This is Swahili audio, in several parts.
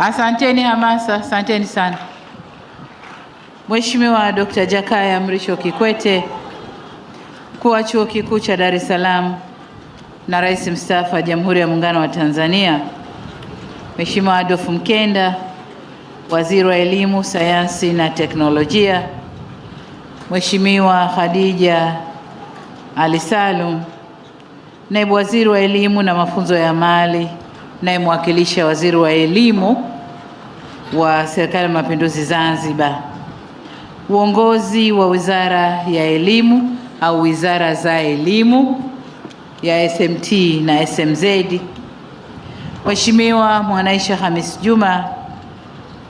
Asanteni Hamasa, asanteni sana. Mheshimiwa Dkt. Jakaya Mrisho Kikwete, mkuu wa Chuo Kikuu cha Dar es Salaam na Rais Mstaafu wa Jamhuri ya Muungano wa Tanzania, Mheshimiwa Adolfu Mkenda, Waziri wa Elimu, Sayansi na Teknolojia, Mheshimiwa Khadija Ali Salum, Naibu Waziri wa Elimu na Mafunzo ya mali nayemwakilisha waziri wa elimu wa Serikali ya Mapinduzi Zanzibar. Uongozi wa wizara ya elimu au wizara za elimu ya SMT na SMZ, Mheshimiwa Mwanaisha Hamis Juma,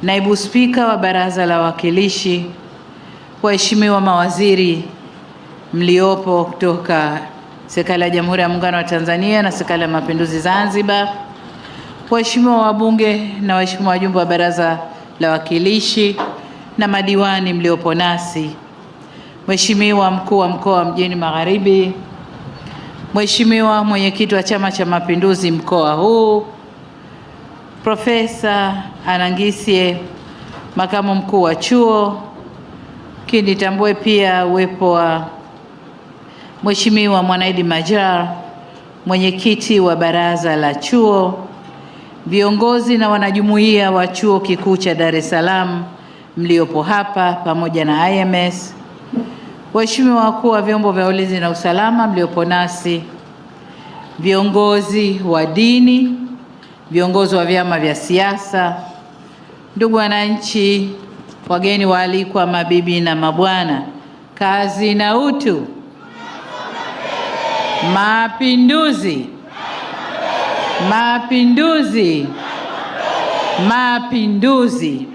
naibu spika wa Baraza la Wawakilishi, waheshimiwa mawaziri mliopo kutoka Serikali ya Jamhuri ya Muungano wa Tanzania na Serikali ya Mapinduzi Zanzibar Waheshimiwa wabunge na waheshimiwa wajumbe wa Baraza la Wawakilishi na madiwani mliopo nasi, Mheshimiwa mkuu wa mkoa wa Mjini Magharibi, Mheshimiwa mwenyekiti wa Chama cha Mapinduzi mkoa huu, Profesa Anangisye makamu mkuu wa chuo, lakini nitambue pia uwepo wa Mheshimiwa Mwanaidi Majar mwenyekiti wa baraza la chuo viongozi na wanajumuiya wa Chuo Kikuu cha Dar es Salaam mliopo hapa pamoja na IMS, waheshimiwa wakuu wa vyombo vya ulinzi na usalama mliopo nasi, viongozi wa dini, viongozi wa vyama vya siasa, ndugu wananchi, wageni waalikwa, mabibi na mabwana, kazi na utu, mapinduzi! Mapinduzi! Mapinduzi!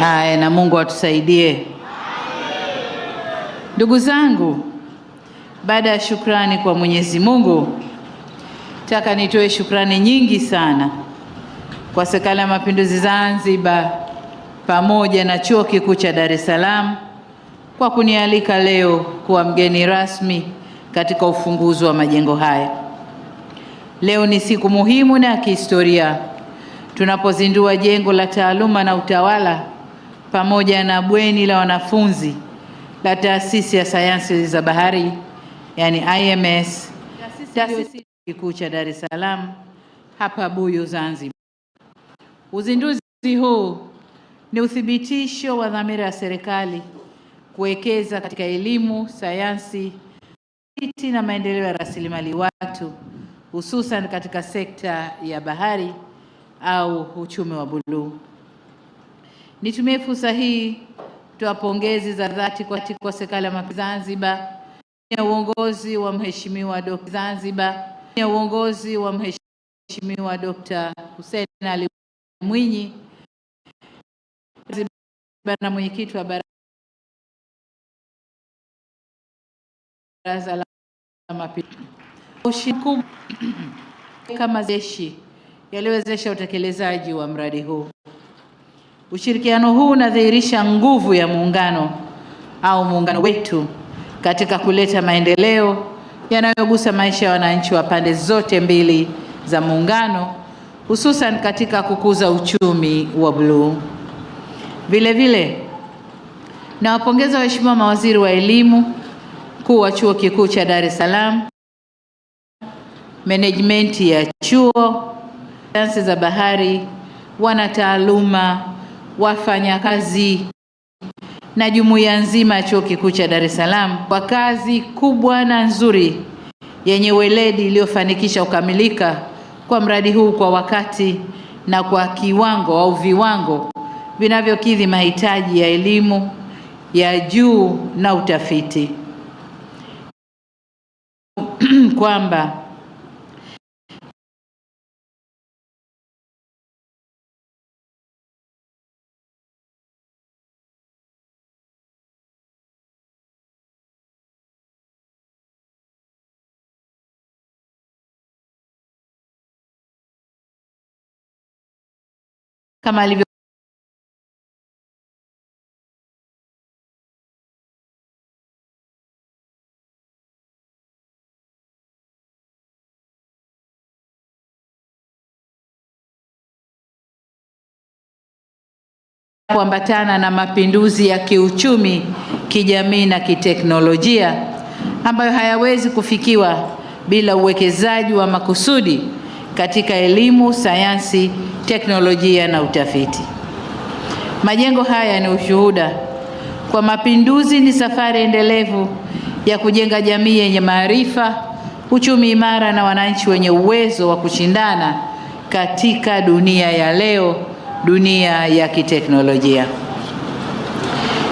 Haya, na Mungu atusaidie. Ndugu zangu, baada ya shukrani kwa Mwenyezi Mungu, nataka nitoe shukrani nyingi sana kwa Serikali ya Mapinduzi Zanzibar pamoja na Chuo Kikuu cha Dar es Salaam kwa kunialika leo kuwa mgeni rasmi katika ufunguzi wa majengo haya. Leo ni siku muhimu na ya kihistoria tunapozindua jengo la taaluma na utawala pamoja na bweni la wanafunzi la Taasisi ya Sayansi za Bahari, yani IMS, taasisi kikuu cha Dar es Salaam hapa Buyu, Zanzibar. Uzinduzi huu ni uthibitisho wa dhamira ya serikali kuwekeza katika elimu, sayansi, tafiti na maendeleo ya rasilimali watu hususan katika sekta ya bahari au uchumi wa buluu. Nitumie fursa hii kutoa pongezi za dhati kwa, kwa serikali ya mapinduzi Zanzibar ya uongozi wa Mheshimiwa Dr. Zanzibar ya uongozi wa Mheshimiwa Dkt. Hussein Ali Mwinyi na mwenyekiti wa bara Baraza la Mapinduzi kama jeshi yaliwezesha utekelezaji wa mradi huu. Ushirikiano huu unadhihirisha nguvu ya muungano au muungano wetu katika kuleta maendeleo yanayogusa maisha ya wananchi wa pande zote mbili za muungano, hususan katika kukuza uchumi wa bluu. vile nawapongeza waheshimiwa mawaziri wa elimu mkuu wa chuo kikuu cha Dar es Salaam, management ya chuo, sayansi za bahari, wanataaluma, wafanyakazi na jumuiya nzima ya chuo kikuu cha Dar es Salaam kwa kazi kubwa na nzuri yenye weledi iliyofanikisha kukamilika kwa mradi huu kwa wakati na kwa kiwango au viwango vinavyokidhi mahitaji ya elimu ya juu na utafiti. kwamba kama alivyo kuambatana na mapinduzi ya kiuchumi, kijamii na kiteknolojia ambayo hayawezi kufikiwa bila uwekezaji wa makusudi katika elimu, sayansi, teknolojia na utafiti. Majengo haya ni ushuhuda kwa mapinduzi ni safari endelevu ya kujenga jamii yenye maarifa, uchumi imara na wananchi wenye uwezo wa kushindana katika dunia ya leo dunia ya kiteknolojia.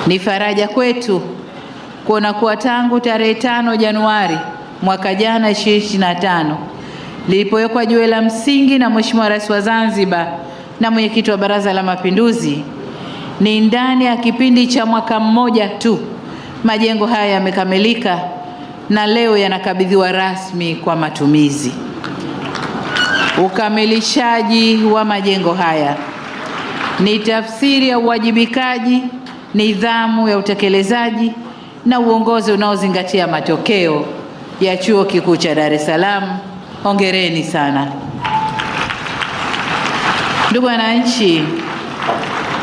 Ni faraja kwetu kuona kuwa tangu tarehe tano Januari mwaka jana 2025 lilipowekwa jiwe la msingi na Mheshimiwa Rais wa Zanzibar na mwenyekiti wa Baraza la Mapinduzi, ni ndani ya kipindi cha mwaka mmoja tu majengo haya yamekamilika na leo yanakabidhiwa rasmi kwa matumizi. Ukamilishaji wa majengo haya ni tafsiri ya uwajibikaji, nidhamu ya utekelezaji na uongozi unaozingatia matokeo ya Chuo Kikuu cha Dar es Salaam. Hongereni sana. Ndugu wananchi,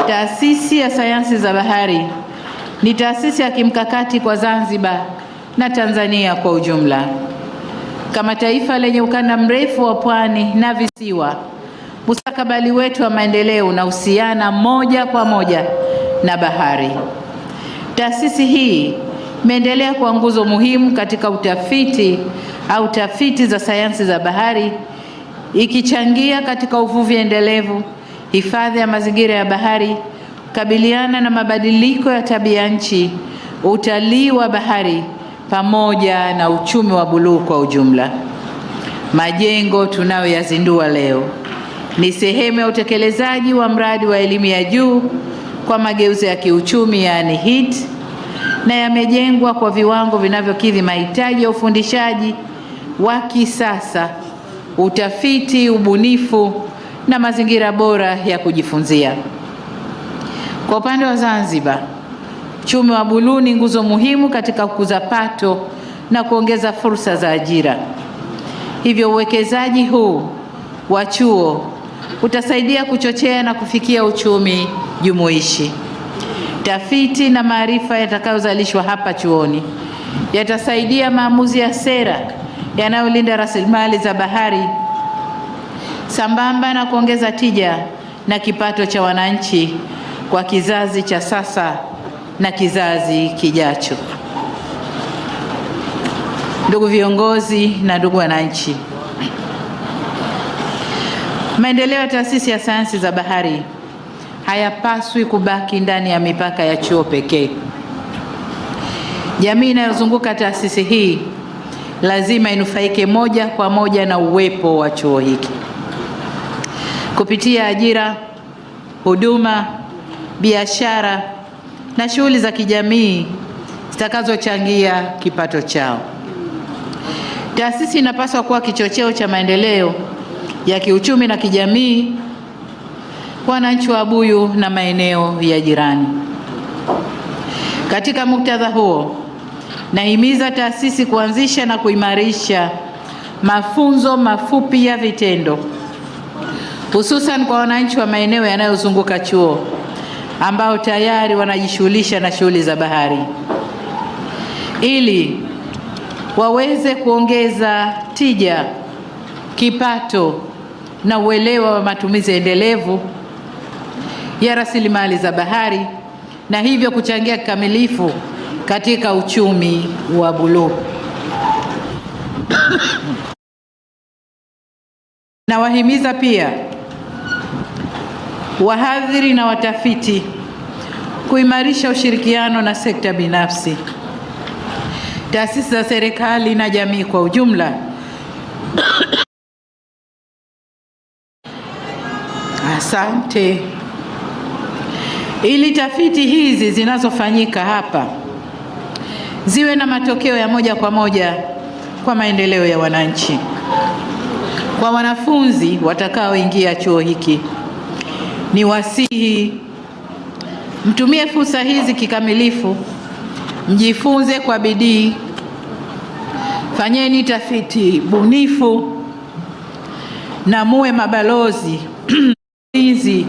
Taasisi ya Sayansi za Bahari ni taasisi ya kimkakati kwa Zanzibar na Tanzania kwa ujumla. Kama taifa lenye ukanda mrefu wa pwani na visiwa Mustakabali wetu wa maendeleo unahusiana moja kwa moja na bahari. Taasisi hii imeendelea kuwa nguzo muhimu katika utafiti au tafiti za sayansi za bahari, ikichangia katika uvuvi endelevu, hifadhi ya mazingira ya bahari, kukabiliana na mabadiliko ya tabia nchi, utalii wa bahari pamoja na uchumi wa buluu kwa ujumla. Majengo tunayoyazindua leo ni sehemu ya utekelezaji wa mradi wa elimu ya juu kwa mageuzi ya kiuchumi yaani HEET, na yamejengwa kwa viwango vinavyokidhi mahitaji ya ufundishaji wa kisasa, utafiti, ubunifu na mazingira bora ya kujifunzia. Kwa upande wa Zanzibar, uchumi wa buluu ni nguzo muhimu katika kukuza pato na kuongeza fursa za ajira. Hivyo uwekezaji huu wa chuo utasaidia kuchochea na kufikia uchumi jumuishi. Tafiti na maarifa yatakayozalishwa hapa chuoni yatasaidia maamuzi ya sera yanayolinda rasilimali za bahari sambamba na kuongeza tija na kipato cha wananchi kwa kizazi cha sasa na kizazi kijacho. Ndugu viongozi na ndugu wananchi Maendeleo ya taasisi ya sayansi za bahari hayapaswi kubaki ndani ya mipaka ya chuo pekee. Jamii inayozunguka taasisi hii lazima inufaike moja kwa moja na uwepo wa chuo hiki kupitia ajira, huduma, biashara na shughuli za kijamii zitakazochangia kipato chao. Taasisi inapaswa kuwa kichocheo cha maendeleo ya kiuchumi na kijamii kwa wananchi wa Buyu na maeneo ya jirani. Katika muktadha huo, nahimiza taasisi kuanzisha na kuimarisha mafunzo mafupi ya vitendo hususan kwa wananchi wa maeneo yanayozunguka chuo ambao tayari wanajishughulisha na shughuli za bahari ili waweze kuongeza tija, kipato na uelewa wa matumizi endelevu ya rasilimali za bahari na hivyo kuchangia kikamilifu katika uchumi wa buluu. Nawahimiza pia wahadhiri na watafiti kuimarisha ushirikiano na sekta binafsi, taasisi za serikali na jamii kwa ujumla Asante. Ili tafiti hizi zinazofanyika hapa ziwe na matokeo ya moja kwa moja kwa maendeleo ya wananchi, kwa wanafunzi watakaoingia chuo hiki, ni wasihi mtumie fursa hizi kikamilifu, mjifunze kwa bidii, fanyeni tafiti bunifu na muwe mabalozi hizi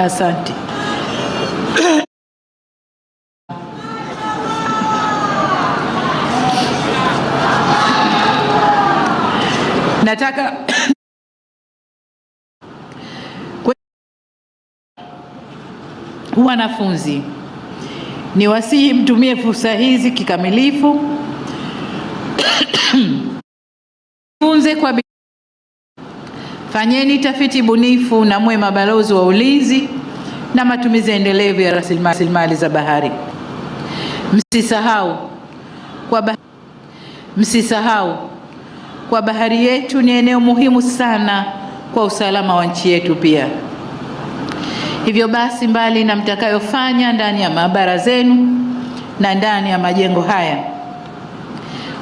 asante. Nataka wanafunzi niwasihi mtumie fursa hizi kikamilifu Funze kwa Fanyeni tafiti bunifu na mwe mabalozi wa ulinzi na matumizi endelevu ya rasilimali za bahari. Msisahau kwa bahari, msisahau kwa bahari yetu ni eneo muhimu sana kwa usalama wa nchi yetu pia. Hivyo basi, mbali na mtakayofanya ndani ya maabara zenu na ndani ya majengo haya,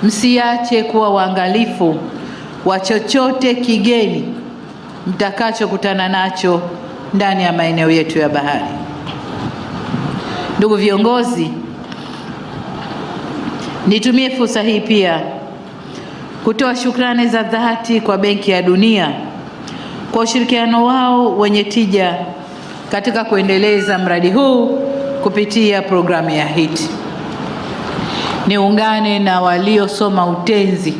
msiache kuwa waangalifu wa chochote kigeni mtakachokutana nacho ndani ya maeneo yetu ya bahari. Ndugu viongozi, nitumie fursa hii pia kutoa shukrani za dhati kwa Benki ya Dunia kwa ushirikiano wao wenye tija katika kuendeleza mradi huu kupitia programu ya HIT. Niungane na waliosoma utenzi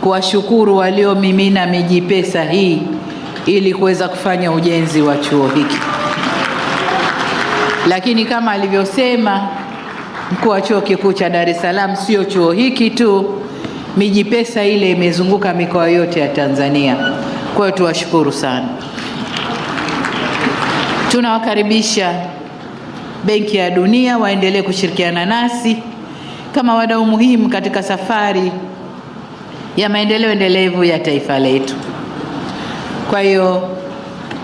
kuwashukuru waliomimina miji pesa hii ili kuweza kufanya ujenzi wa chuo hiki. Lakini kama alivyosema mkuu wa chuo kikuu cha Dar es Salaam, sio chuo hiki tu, miji pesa ile imezunguka mikoa yote ya Tanzania. Kwa hiyo tuwashukuru sana. Tunawakaribisha Benki ya Dunia waendelee kushirikiana nasi kama wadau muhimu katika safari ya maendeleo endelevu ya taifa letu. Kwa hiyo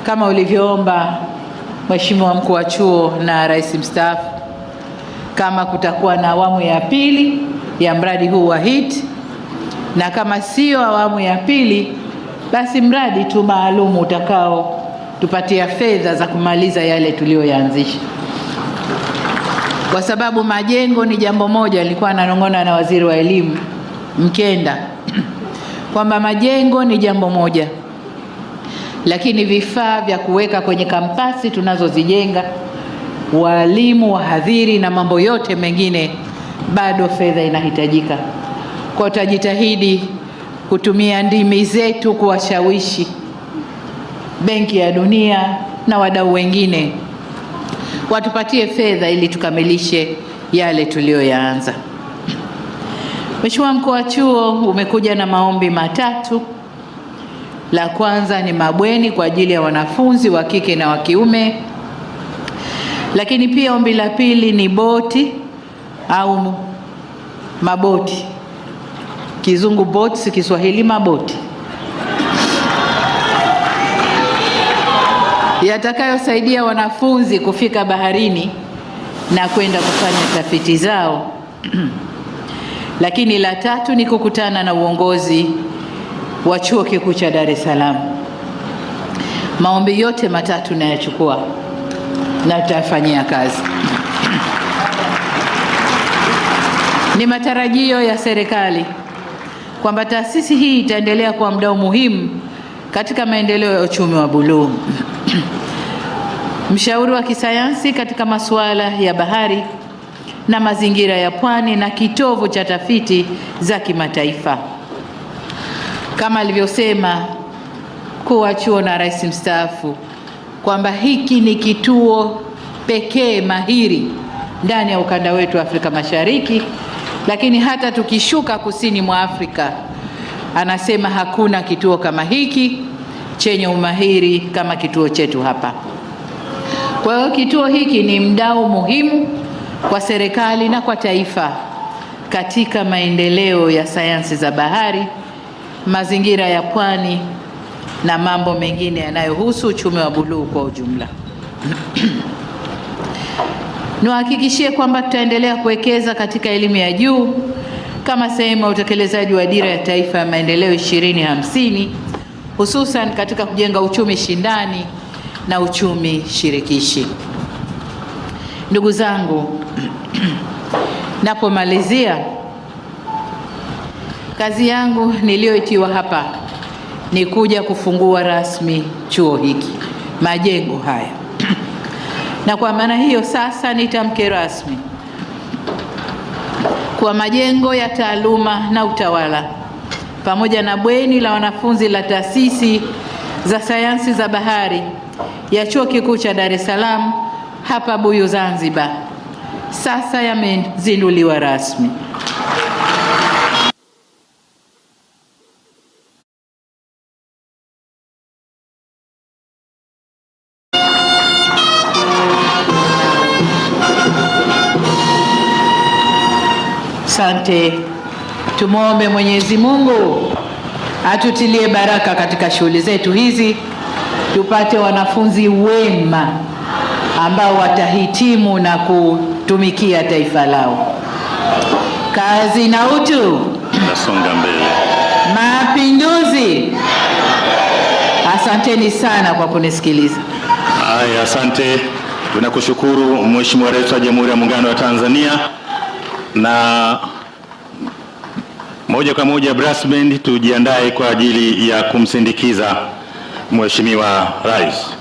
kama ulivyoomba Mheshimiwa mkuu wa chuo na rais mstaafu, kama kutakuwa na awamu ya pili ya mradi huu wa HEET, na kama sio awamu ya pili, basi mradi tu maalumu utakao tupatia fedha za kumaliza yale tuliyoyaanzisha, kwa sababu majengo ni jambo moja. Nilikuwa nanong'ona na waziri wa elimu Mkenda kwamba majengo ni jambo moja, lakini vifaa vya kuweka kwenye kampasi tunazozijenga, walimu, wahadhiri na mambo yote mengine, bado fedha inahitajika. Kwa tutajitahidi kutumia ndimi zetu kuwashawishi Benki ya Dunia na wadau wengine watupatie fedha ili tukamilishe yale tuliyoyaanza. Mheshimiwa mkuu wa chuo umekuja na maombi matatu. La kwanza ni mabweni kwa ajili ya wanafunzi wa kike na wa kiume, lakini pia ombi la pili ni boti au maboti, kizungu boats, Kiswahili maboti yatakayosaidia wanafunzi kufika baharini na kwenda kufanya tafiti zao Lakini la tatu ni kukutana na uongozi wa Chuo Kikuu cha Dar es Salaam. Maombi yote matatu nayachukua na tutafanyia kazi. Ni matarajio ya serikali kwamba taasisi hii itaendelea kuwa mdau muhimu katika maendeleo ya uchumi wa buluu, mshauri wa kisayansi katika masuala ya bahari na mazingira ya pwani na kitovu cha tafiti za kimataifa. Kama alivyosema mkuu wa chuo na rais mstaafu kwamba hiki ni kituo pekee mahiri ndani ya ukanda wetu wa Afrika Mashariki, lakini hata tukishuka kusini mwa Afrika, anasema hakuna kituo kama hiki chenye umahiri kama kituo chetu hapa. Kwa hiyo kituo hiki ni mdau muhimu kwa serikali na kwa taifa katika maendeleo ya sayansi za bahari, mazingira ya pwani na mambo mengine yanayohusu uchumi wa buluu kwa ujumla. Niwahakikishie kwamba tutaendelea kuwekeza katika elimu ya juu kama sehemu ya utekelezaji wa dira ya taifa ya maendeleo 2050 hususan katika kujenga uchumi shindani na uchumi shirikishi. Ndugu zangu, Napomalizia kazi yangu niliyoitiwa hapa ni kuja kufungua rasmi chuo hiki, majengo haya, na kwa maana hiyo sasa nitamke rasmi kwa majengo ya taaluma na utawala pamoja na bweni la wanafunzi la taasisi za sayansi za bahari ya Chuo Kikuu cha Dar es Salaam hapa Buyu Zanzibar sasa yamezinduliwa rasmi. Asante. Tumwombe Mwenyezi Mungu atutilie baraka katika shughuli zetu hizi, tupate wanafunzi wema ambao watahitimu na ku tumikia taifa lao. Kazi na utu, nasonga mbele. Mapinduzi! Asanteni sana kwa kunisikiliza. Haya, asante. Tunakushukuru Mheshimiwa Rais wa Jamhuri ya Muungano wa Tanzania, na moja kwa moja brass band tujiandae kwa ajili ya kumsindikiza Mheshimiwa Rais.